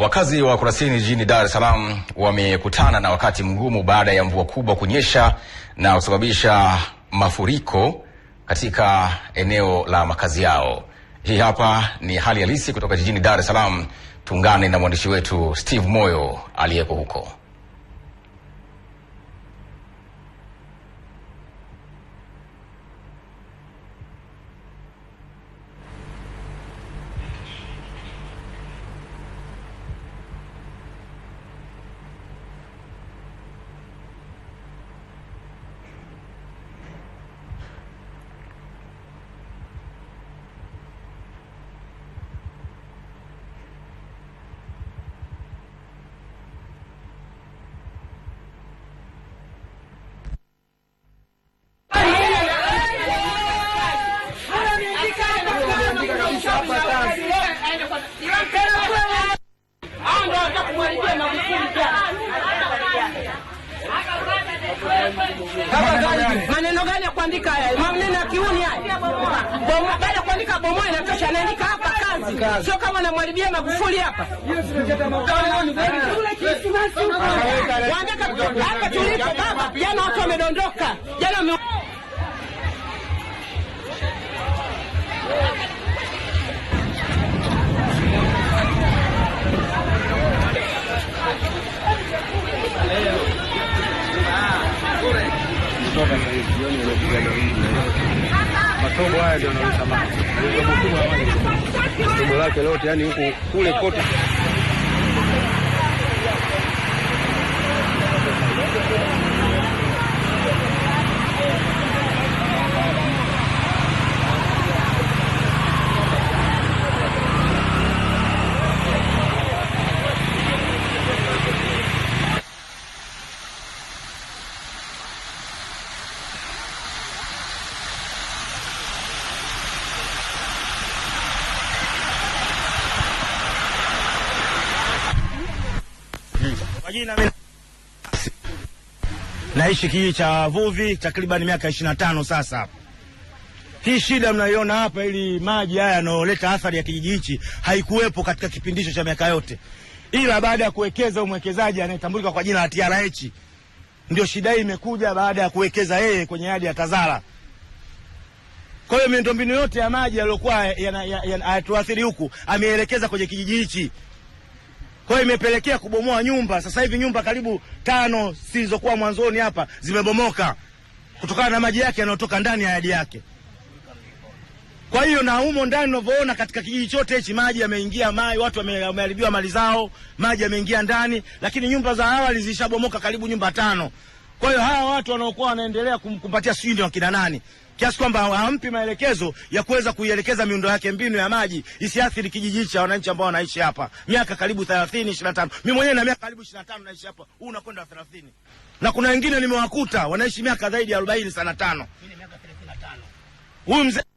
Wakazi wa Kurasini jijini Dar es Salaam wamekutana na wakati mgumu baada ya mvua kubwa kunyesha na kusababisha mafuriko katika eneo la makazi yao. Hii hapa ni hali halisi kutoka jijini Dar es Salaam. Tuungane na mwandishi wetu Steve Moyo aliyeko huko. Maneno gani ya kuandika haya? Maneno ya kiuni haya. Bomoa ya kuandika bomoa inatosha anaandika hapa kazi. Sio kama namwharibia Magufuli hapa. hapa tulipo baba, jana watu wamedondoka. Jana matobo haya ndio yanaleta maji umbo lake lote, yani huku kule kote Majina mimi naishi kijiji cha wavuvi takriban miaka ishirini na tano sasa hapa. Hii shida mnaiona hapa, ili maji haya yanayoleta athari ya kijiji hichi haikuwepo katika kipindisho cha miaka yote, ila baada ya kuwekeza umwekezaji anayetambulika kwa jina la TRH ndio shida hii imekuja baada ya kuwekeza yeye kwenye hadi ya Tazara. Kwa hiyo miundombinu yote ya maji yaliyokuwa hayatuathiri huku ameelekeza kwenye kijiji hichi. Kwa hiyo imepelekea kubomoa nyumba. Sasa hivi nyumba karibu tano zilizokuwa mwanzoni hapa zimebomoka kutokana na maji yake yanayotoka ndani ya yadi yake. Kwa hiyo na humo ndani unavyoona katika kijiji chote hichi maji yameingia, mai watu wameharibiwa mali zao, maji yameingia ndani, lakini nyumba za awali zilishabomoka karibu nyumba tano. Kwa hiyo hawa watu wanaokuwa wanaendelea kumkumbatia sijui ndio wakina nani, kiasi kwamba hawampi maelekezo ya kuweza kuielekeza miundo yake mbinu ya maji isiathiri kijiji cha wananchi ambao wanaishi hapa miaka karibu thelathini 25. na tano. Mi mwenyewe na miaka karibu 25 na tano naishi hapa, huu unakwenda 30, na kuna wengine nimewakuta wanaishi miaka zaidi ya arobaini sana tano. Huyu mzee